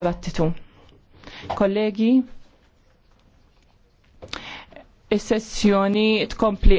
dibattitu. Kollegi, is-sessjoni tkompli